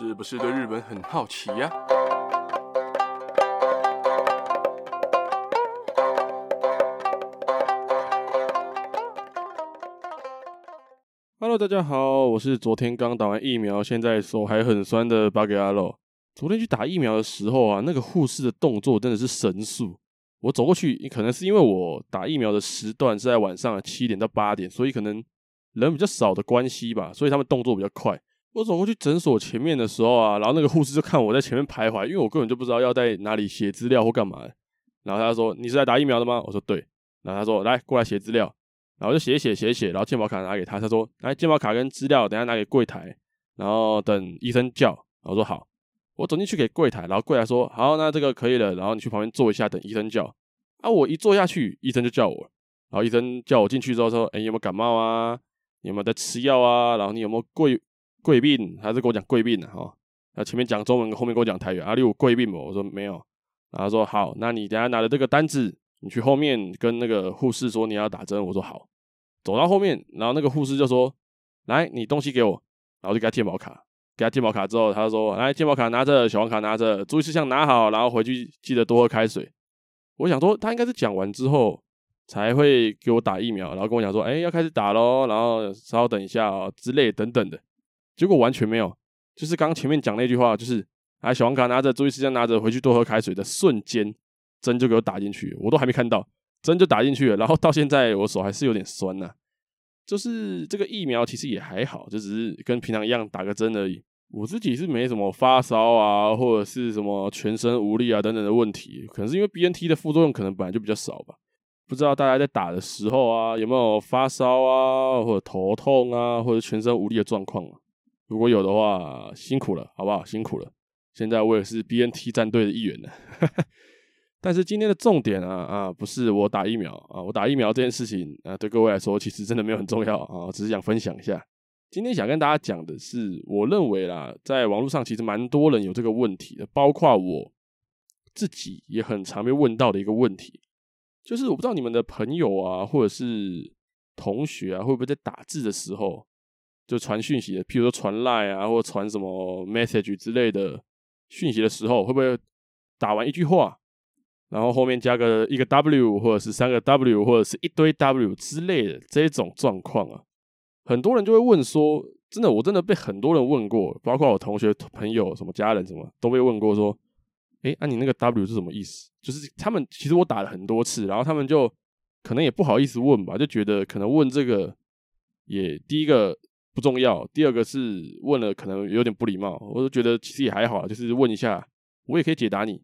是不是對日本很好奇呀、啊、？Hello，大家好，我是昨天剛打完疫苗，現在手還很酸的八嘎呀路。昨天去打疫苗的時候啊，那個護士的動作真的是神速。我走過去，可能是因為我打疫苗的時段是在晚上七點到八點，所以可能人比較少的關係吧，所以他們動作比較快。我走過去診所前面的時候啊，然後那個護士就看我在前面徘徊，因為我根本就不知道要在哪裡寫資料或幹嘛。然後他說：“你是來打疫苗的嗎？”我說：“對。”然後他說：“來，過來寫資料。”然後我就寫寫寫寫，然後健保卡拿給他，他說：“來，健保卡跟資料等下拿給櫃檯。”然後等醫生叫，我說：“好。”我走進去給櫃檯，然後櫃檯說：“好，那這個可以了。”然後你去旁邊坐一下，等醫生叫。啊，我一坐下去，醫生就叫我。然後醫生叫我進去之後說：“哎，有沒有感冒啊？有沒有在吃藥啊？然後你有沒有過？”貴賓，他是跟我講貴賓的哈，他前面講中文，後面跟我講台語，阿力我貴賓不？我說沒有，然後他說好，那你等下拿着這個單子，你去後面跟那個護士說你要打針。我說好，走到後面，然後那個護士就說來，你東西給我，然後我就給他健保卡，給他健保卡之後，他說來，健保卡拿着，小黃卡拿着，注意事項拿好，然後回去記得多喝開水。我想說他應該是講完之後才會給我打疫苗，然後跟我講說哎、欸、要開始打咯，然後稍等一下哦之類等等的。結果完全沒有，就是剛前面講那句話，就是哎，小黃卡拿着，注意事項拿着回去多喝開水的瞬間，針就給我打進去，我都還沒看到針就打進去了，然後到現在我手還是有點酸吶、啊。就是這個疫苗其實也還好，就只是跟平常一樣打個針而已。我自己是沒什麼發燒啊，或者是什麼全身無力啊等等的問題。可能是因為 BNT 的副作用可能本來就比較少吧。不知道大家在打的時候啊，有沒有發燒啊，或者頭痛啊，或者全身無力的狀況啊？如果有的話，辛苦了，好不好？辛苦了。現在我也是 BNT 戰隊的一員了。 但是今天的重點啊、啊，不是我打疫苗啊，我打疫苗這件事情啊，對各位來說其實真的沒有很重要啊，只是想分享一下。今天想跟大家講的是，我認為啦，在網絡上其實蠻多人有這個問題的，包括我自己也很常被問到的一個問題，就是我不知道你們的朋友啊，或者是同學啊，會不會在打字的時候。就傳訊息的，譬如說傳 Line 啊，或傳什麼 message 之類的訊息的時候，會不會打完一句話，然後後面加個一個 w，或者是三個 w，或者是一堆 w 之類的這種狀況啊？很多人就會問說，真的，我真的被很多人問過，包括我同學、朋友、什麼家人什麼，都被問過說，哎、欸，那、啊、你那個 w 是什麼意思？就是他們其實我打了很多次，然後他們就可能也不好意思問吧，就覺得可能問這個也第一個。重要。第二個是問了，可能有點，不禮貌，我就覺得其實也還好，就是問一下，我也可以解答你。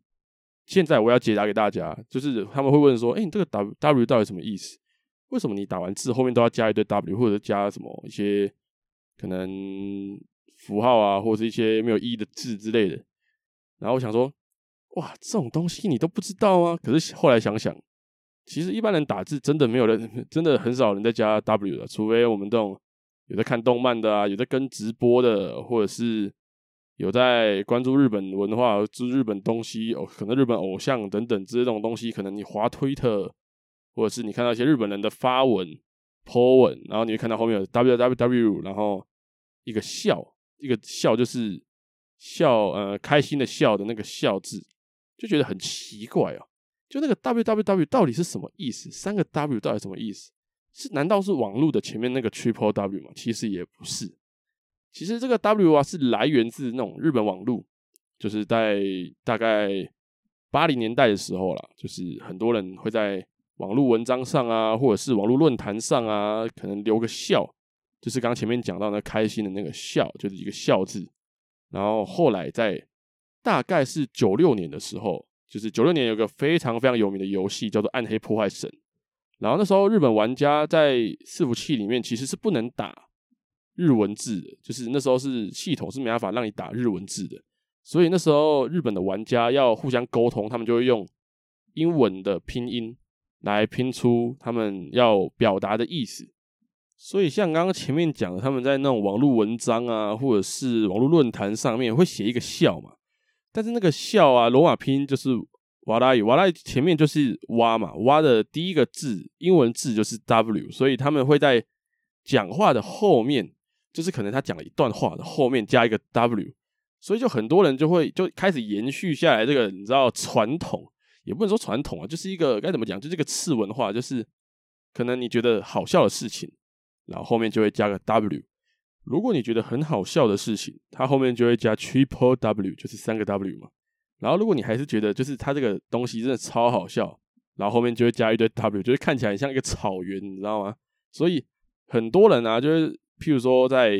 現在我要解答給大家，就是他們會問說：“哎，你這個 W W 到底有什麼意思？為什麼你打完字後面都要加一堆 W，或者加什麼一些可能符號啊，或者是一些沒有意義的字之類的？”然後我想說：“哇，這種東西你都不知道啊？”可是後來想想，其實一般人打字真的沒有人，真的很少人在加 W 的啊，除非我們這種。有在看動漫的啊，有在跟直播的，或者是有在關注日本文化、日日本東西哦，可能日本偶像等等之類這種東西，可能你滑推特，或者是你看到一些日本人的發文、po 文，然後你會看到後面有 w w w，然後一個笑，一個笑就是笑，呃，開心的笑的那個笑字，就覺得很奇怪哦，就那個 w w w 到底是什麼意思？三個 w 到底是什麼意思？是？難道是網絡的前面那個 Triple W 嗎？其實也不是。其實這個 W 啊，是來源自那種日本網絡，就是在大概八零年代的時候了。就是很多人會在網絡文章上啊，或者是網絡論壇上啊，可能留個笑，就是剛剛前面講到那開心的那個笑，就是一個笑字。然後後來在大概是九六年的時候，就是九六年有個非常非常有名的遊戲叫做《暗黑破壞神》。然後那時候日本玩家在伺服器裡面其實是不能打日文字的，就是那時候是系統是沒辦法讓你打日文字的，所以那時候日本的玩家要互相溝通，他們就會用英文的拼音來拼出他們要表達的意思。所以像剛剛前面講的，他們在那種網絡文章啊，或者是網絡論壇上面會寫一個笑嘛，但是那個笑啊，羅馬拼音就是。挖拉瓦挖拉前面就是哇嘛，哇的第一個字，英文字就是 W，所以他們會在講話的後面，就是可能他講了一段話的後面加一個 W，所以就很多人就會就開始延續下來這個，你知道傳統也不能說傳統啊，就是一個該怎麼講，就這個次文化，就是可能你覺得好笑的事情，然後後面就會加個 W，如果你覺得很好笑的事情，它後面就會加 triple W，就是三個 W 嘛。然後，如果你還是覺得就是它這個東西真的超好笑，然後後面就會加一堆 W，就會看起來像一個草原，你知道嗎？所以很多人啊，就是譬如說在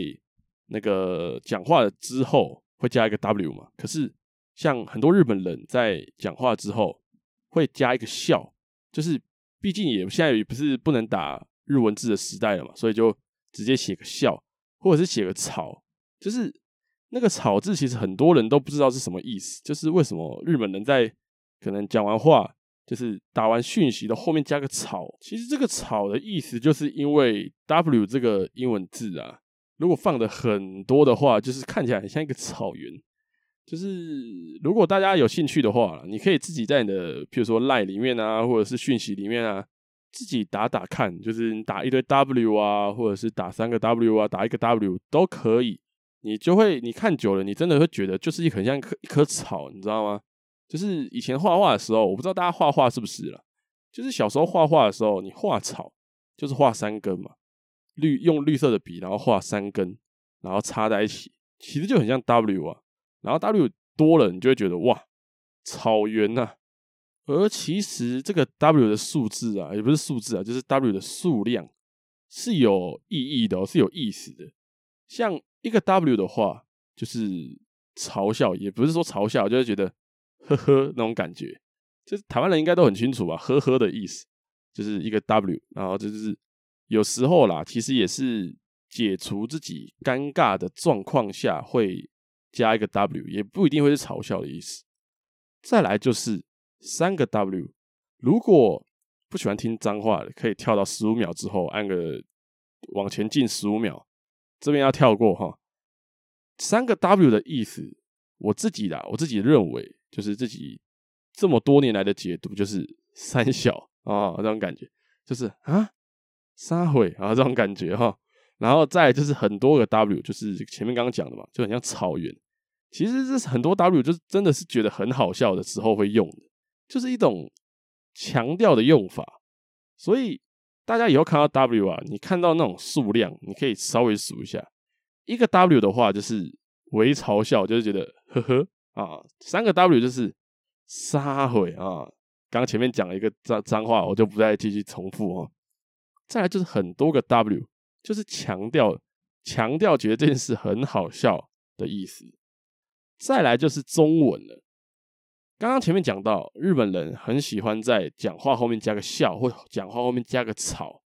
那個講話之後會加一個 W 嘛。可是像很多日本人在講話之後會加一個笑，就是畢竟也現在也不是不能打日文字的時代了嘛，所以就直接寫個笑，或者是寫個草，就是。那個草字其實很多人都不知道是什麼意思，就是為什麼日本人在可能講完話，就是打完訊息的後面加個草。其實這個草的意思就是因為 W 這個英文字啊，如果放的很多的話，就是看起來很像一個草原。就是如果大家有興趣的話，你可以自己在你的，譬如說 line 裡面啊，或者是訊息裡面啊，自己打打看，就是你打一堆 W 啊，或者是打三個 W 啊，打一個 W 都可以。你就會，你看久了，你真的會覺得，就是很像一棵草，你知道嗎？就是以前畫畫的時候，我不知道大家畫畫是不是啦，就是小時候畫畫的時候，你畫草就是畫三根嘛，綠用綠色的筆，然後畫三根，然後插在一起，其實就很像 W 啊。然後 W 多了，你就會覺得哇，草原吶、啊。而其實這個 W 的數字啊，也不是數字啊，就是 W 的數量是有意義的、喔，是有意思的，像。一個 W 的話，就是嘲笑，也不是說嘲笑，我就是覺得呵呵那種感覺，就是台灣人應該都很清楚吧，呵呵的意思，就是一個 W，然後就是有時候啦，其實也是解除自己尷尬的狀況下會加一個 W，也不一定會是嘲笑的意思。再來就是三個 W，如果不喜歡聽髒話的，可以跳到十五秒之後按個往前進十五秒。這邊要跳過哈，三個 W 的意思，我自己啦，我自己認為，就是自己這麼多年來的解讀，就是三小啊這種感覺，就是啊，殺毀啊這種感覺哈，然後再來就是很多個 W，就是前面剛剛講的嘛，就很像草原。其實這很多 W，就真的是覺得很好笑的時候會用的，就是一種強調的用法，所以。大家以後看到 W 啊，你看到那種數量，你可以稍微數一下。一個 W 的話就是微嘲笑，就是覺得呵呵啊；三個 W 就是撒謊啊。剛剛前面講了一個髒髒話，我就不再繼續重複啊。再來就是很多個 W，就是強調強調覺得這件事很好笑的意思。再來就是中文了。剛剛前面講到，日本人很喜歡在講話後面加個笑，或講話後面加個草，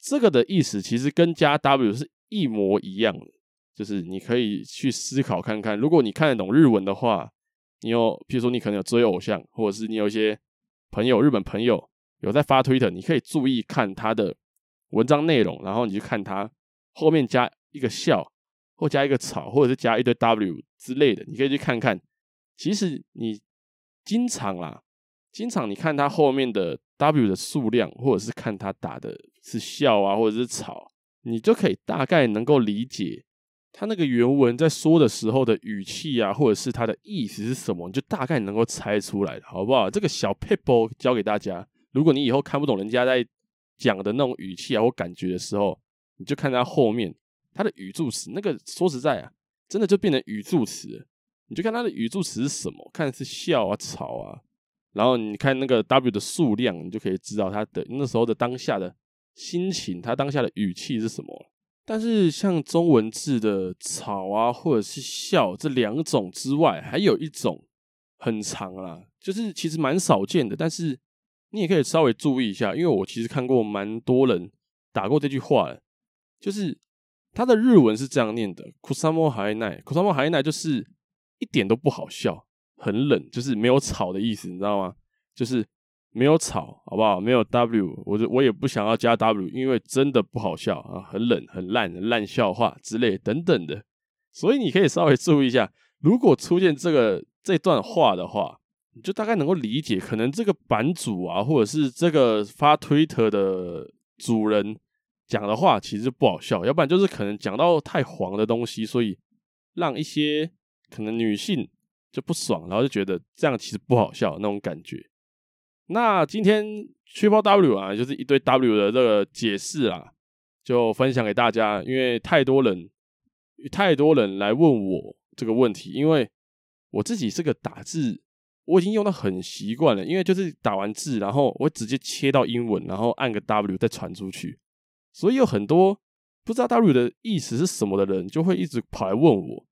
這個的意思其實跟加 W 是一模一樣的。就是你可以去思考看看，如果你看得懂日文的話，你有，譬如說你可能有追偶像，或者是你有一些朋友，日本朋友有在發推特，你可以注意看他的文章內容，然後你去看他後面加一個笑，或加一個草，或者是加一堆 W 之類的，你可以去看看，其實你。經常啦，經常你看它後面的 W 的數量，或者是看它打的是笑啊，或者是草，你就可以大概能夠理解它那個原文在說的時候的語氣啊，或者是它的意思是什麼，你就大概能夠猜出來，好不好？這個小撇步教給大家，如果你以後看不懂人家在講的那種語氣啊或感覺的時候，你就看它後面它的語助詞，那個說實在啊，真的就變成語助詞。你就看它的語助詞是什麼，看是笑啊、草啊，然後你看那個 W 的數量，你就可以知道它的那時候的當下的心情，它當下的語氣是什麼。但是像中文字的草啊，或者是笑這兩種之外，還有一種很長啊，就是其實蠻少見的，但是你也可以稍微注意一下，因為我其實看過蠻多人打過這句話，就是它的日文是這樣念的：“草も生えない，草も生えない就是。”一點都不好笑，很冷，就是沒有草的意思，你知道嗎？就是沒有草，好不好？沒有 W，我就我也不想要加 W，因為真的不好笑啊，很冷，很爛，爛笑話之類等等的。所以你可以稍微注意一下，如果出現這個這段話的話，你就大概能夠理解，可能這個版主啊，或者是這個發推特的主人講的話其實不好笑，要不然就是可能講到太黃的東西，所以讓一些。可能女性就不爽，然後就覺得這樣其實不好笑那種感覺。那今天 Triple W 啊，就是一堆 W 的這個解釋啊，就分享給大家，因為太多人，太多人來問我這個問題，因為我自己是個打字，我已經用到很習慣了，因為就是打完字，然後我會直接切到英文，然後按個 W 再傳出去，所以有很多不知道 W 的意思是什麼的人，就會一直跑來問我。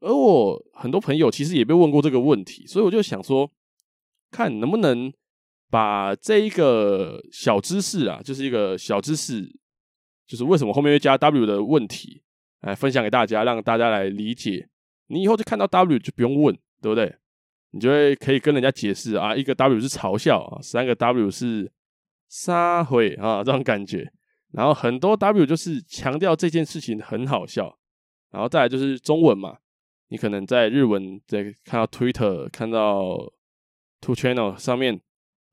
而我很多朋友其實也被問過這個問題，所以我就想說，看能不能把這一個小知識啊，就是一個小知識，就是為什麼後面會加 W 的問題，來分享給大家，讓大家來理解。你以後就看到 W 就不用問，對不對？你就會可以跟人家解釋啊，一個 W 是嘲笑啊，三個 W 是撒謊啊，這種感覺。然後很多 W 就是強調這件事情很好笑，然後再來就是中文嘛。你可能在日文在看到 Twitter、看到 2channel 上面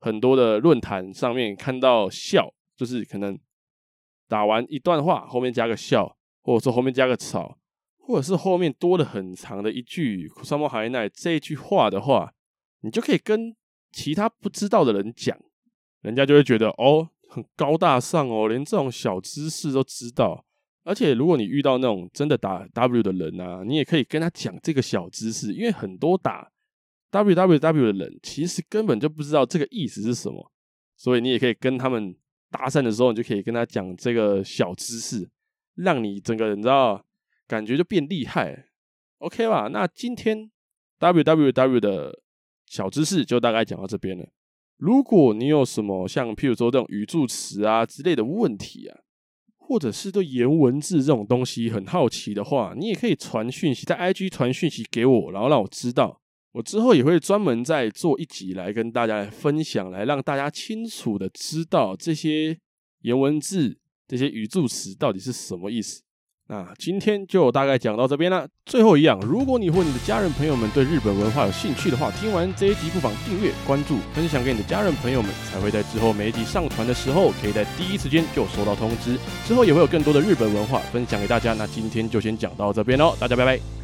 很多的論壇上面看到笑，就是可能打完一段話後面加個笑，或者說後面加個草，或者是後面多了很長的一句什麼海奈這一句話的話，你就可以跟其他不知道的人講，人家就會覺得哦，很高大上哦，連這種小知識都知道。而且，如果你遇到那種真的打 W 的人啊，你也可以跟他講這個小知識，因為很多打 W W W 的人其實根本就不知道這個意思是什麼，所以你也可以跟他們搭訕的時候，你就可以跟他講這個小知識，讓你整個人知道感覺就變厲害，OK 吧？那今天 W W W 的小知識就大概講到這邊了。如果你有什麼像，譬如說這種語助詞啊之類的問題啊，或者是對顏文字這種東西很好奇的話，你也可以傳訊息在 IG 傳訊息給我，然後讓我知道，我之後也會專門再做一集來跟大家來分享，來讓大家清楚的知道這些顏文字、這些語助詞到底是什麼意思。那今天就大概講到這邊啦。最後一樣，如果你或你的家人朋友們對日本文化有興趣的話，聽完這一集不妨訂閱、關注、分享給你的家人朋友們，才會在之後每一集上傳的時候，可以在第一時間就收到通知。之後也會有更多的日本文化分享給大家。那今天就先講到這邊嘍，大家拜拜。